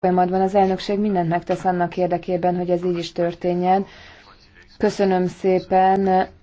folyamatban az elnökség mindent megtesz annak érdekében, hogy ez így is történjen. Köszönöm szépen